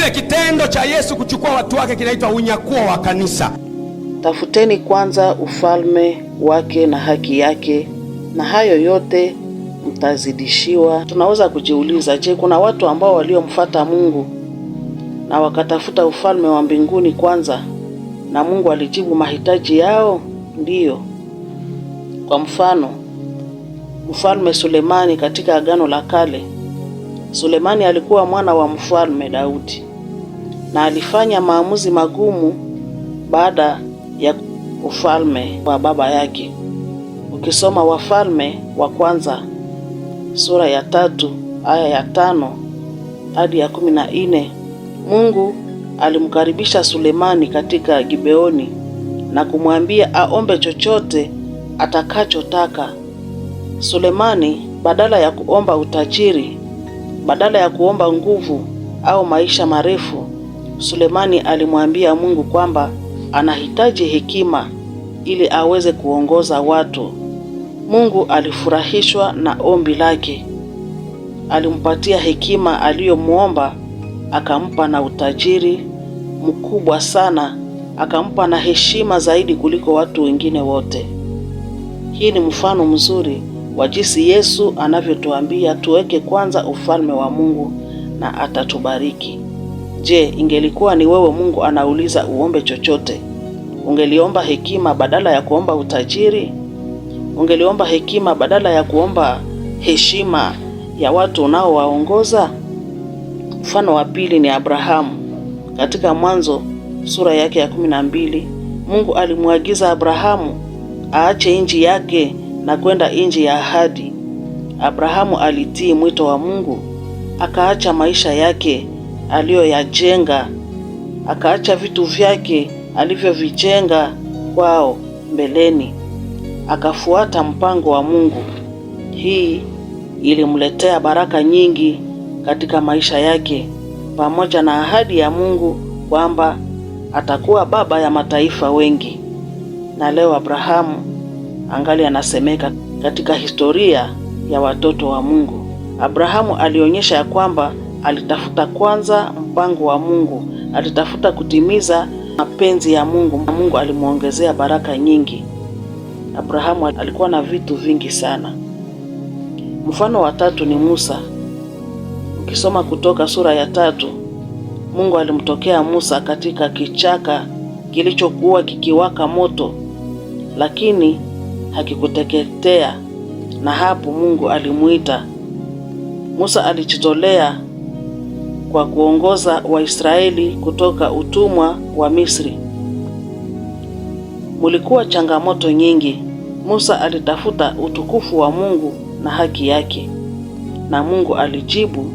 Kile kitendo cha Yesu kuchukua watu wake kinaitwa unyakuo wa kanisa. Tafuteni kwanza ufalme wake na haki yake, na hayo yote mtazidishiwa. Tunaweza kujiuliza, je, kuna watu ambao waliomfuata Mungu na wakatafuta ufalme wa mbinguni kwanza, na Mungu alijibu mahitaji yao? Ndiyo. Kwa mfano, Mfalme Sulemani katika Agano la Kale. Sulemani alikuwa mwana wa Mfalme Daudi na alifanya maamuzi magumu baada ya ufalme wa baba yake. Ukisoma Wafalme wa Kwanza sura ya tatu aya ya tano hadi ya kumi na nne Mungu alimkaribisha Sulemani katika Gibeoni na kumwambia aombe chochote atakachotaka. Sulemani badala ya kuomba utajiri, badala ya kuomba nguvu au maisha marefu, Sulemani alimwambia Mungu kwamba anahitaji hekima ili aweze kuongoza watu. Mungu alifurahishwa na ombi lake. Alimpatia hekima aliyomwomba, akampa na utajiri mkubwa sana, akampa na heshima zaidi kuliko watu wengine wote. Hii ni mfano mzuri wa jinsi Yesu anavyotuambia tuweke kwanza ufalme wa Mungu na atatubariki. Je, ingelikuwa ni wewe Mungu anauliza uombe chochote, ungeliomba hekima badala ya kuomba utajiri? Ungeliomba hekima badala ya kuomba heshima ya watu unaowaongoza? Mfano wa pili ni Abrahamu. Katika Mwanzo sura yake ya kumi na mbili Mungu alimwagiza Abrahamu aache nchi yake na kwenda nchi ya ahadi. Abrahamu alitii mwito wa Mungu, akaacha maisha yake aliyoyajenga, akaacha vitu vyake alivyovijenga kwao mbeleni, akafuata mpango wa Mungu. Hii ilimletea baraka nyingi katika maisha yake, pamoja na ahadi ya Mungu kwamba atakuwa baba ya mataifa wengi. Na leo Abrahamu angali anasemeka katika historia ya watoto wa Mungu. Abrahamu alionyesha ya kwamba alitafuta kwanza mpango wa Mungu, alitafuta kutimiza mapenzi ya Mungu. Mungu alimwongezea baraka nyingi. Abrahamu alikuwa na vitu vingi sana. Mfano wa tatu ni Musa. Ukisoma Kutoka sura ya tatu, Mungu alimtokea Musa katika kichaka kilichokuwa kikiwaka moto, lakini hakikuteketea, na hapo Mungu alimuita Musa. Alijitolea kwa kuongoza Waisraeli kutoka utumwa wa Misri. Mulikuwa changamoto nyingi. Musa alitafuta utukufu wa Mungu na haki yake, na Mungu alijibu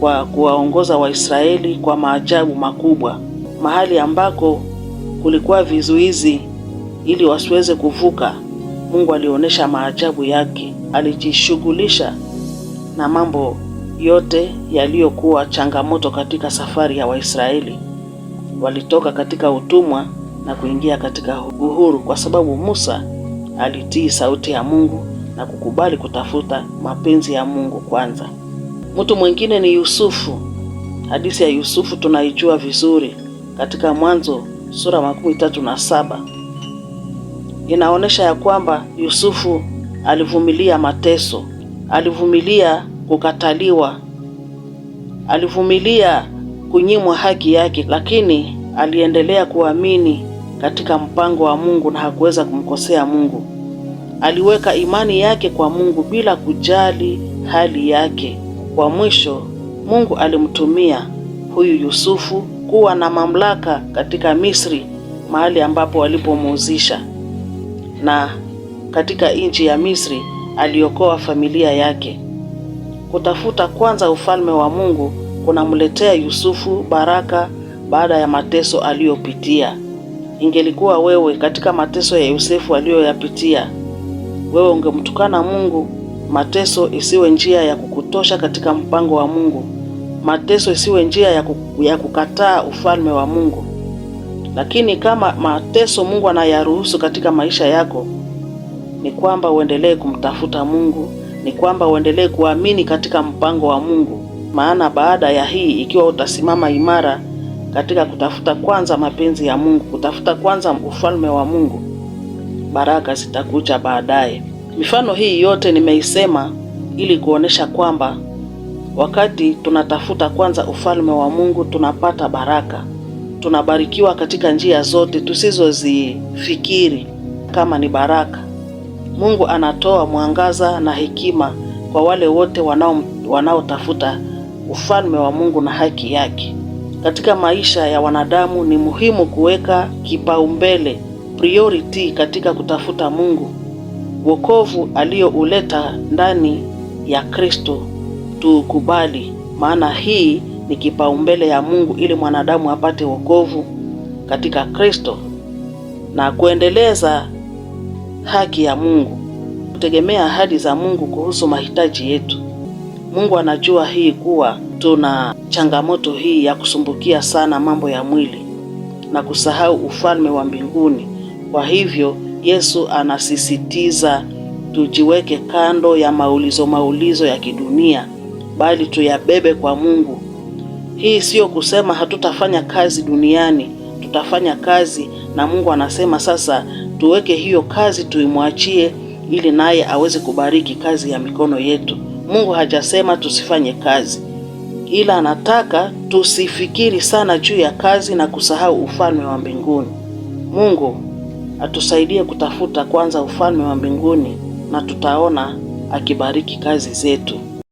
kwa kuwaongoza Waisraeli kwa maajabu makubwa mahali ambako kulikuwa vizuizi ili wasiweze kuvuka. Mungu alionyesha maajabu yake, alijishughulisha na mambo yote yaliyokuwa changamoto katika safari ya Waisraeli. Walitoka katika utumwa na kuingia katika uhuru kwa sababu Musa alitii sauti ya Mungu na kukubali kutafuta mapenzi ya Mungu kwanza. Mtu mwingine ni Yusufu. Hadithi ya Yusufu tunaijua vizuri katika Mwanzo sura makumi tatu na saba inaonyesha ya kwamba Yusufu alivumilia mateso, alivumilia kukataliwa, alivumilia kunyimwa haki yake, lakini aliendelea kuamini katika mpango wa Mungu na hakuweza kumkosea Mungu. Aliweka imani yake kwa Mungu bila kujali hali yake. Kwa mwisho, Mungu alimtumia huyu Yusufu kuwa na mamlaka katika Misri, mahali ambapo walipomuuzisha, na katika nchi ya Misri aliokoa familia yake. Kutafuta kwanza ufalme wa Mungu kunamletea Yusufu baraka baada ya mateso aliyopitia. Ingelikuwa wewe katika mateso ya Yosefu aliyoyapitia, wewe ungemtukana Mungu. Mateso isiwe njia ya kukutosha katika mpango wa Mungu. Mateso isiwe njia ya kukataa ufalme wa Mungu. Lakini kama mateso Mungu anayaruhusu katika maisha yako, ni kwamba uendelee kumtafuta Mungu ni kwamba uendelee kuamini katika mpango wa Mungu, maana baada ya hii, ikiwa utasimama imara katika kutafuta kwanza mapenzi ya Mungu, kutafuta kwanza ufalme wa Mungu, baraka zitakuja baadaye. Mifano hii yote nimeisema ili kuonesha kwamba wakati tunatafuta kwanza ufalme wa Mungu tunapata baraka, tunabarikiwa katika njia zote tusizozifikiri kama ni baraka. Mungu anatoa mwangaza na hekima kwa wale wote wanaotafuta wanao ufalme wa Mungu na haki yake. Katika maisha ya wanadamu ni muhimu kuweka kipaumbele priority katika kutafuta Mungu, wokovu aliyouleta ndani ya Kristo tuukubali, maana hii ni kipaumbele ya Mungu ili mwanadamu apate wokovu katika Kristo na kuendeleza haki ya Mungu, kutegemea ahadi za Mungu kuhusu mahitaji yetu. Mungu anajua hii kuwa tuna changamoto hii ya kusumbukia sana mambo ya mwili na kusahau ufalme wa mbinguni. Kwa hivyo Yesu anasisitiza tujiweke kando ya maulizo maulizo ya kidunia, bali tuyabebe kwa Mungu. Hii siyo kusema hatutafanya kazi duniani, tutafanya kazi na Mungu anasema sasa tuweke hiyo kazi tuimwachie, ili naye aweze kubariki kazi ya mikono yetu. Mungu hajasema tusifanye kazi, ila anataka tusifikiri sana juu ya kazi na kusahau ufalme wa mbinguni. Mungu atusaidie kutafuta kwanza ufalme wa mbinguni, na tutaona akibariki kazi zetu.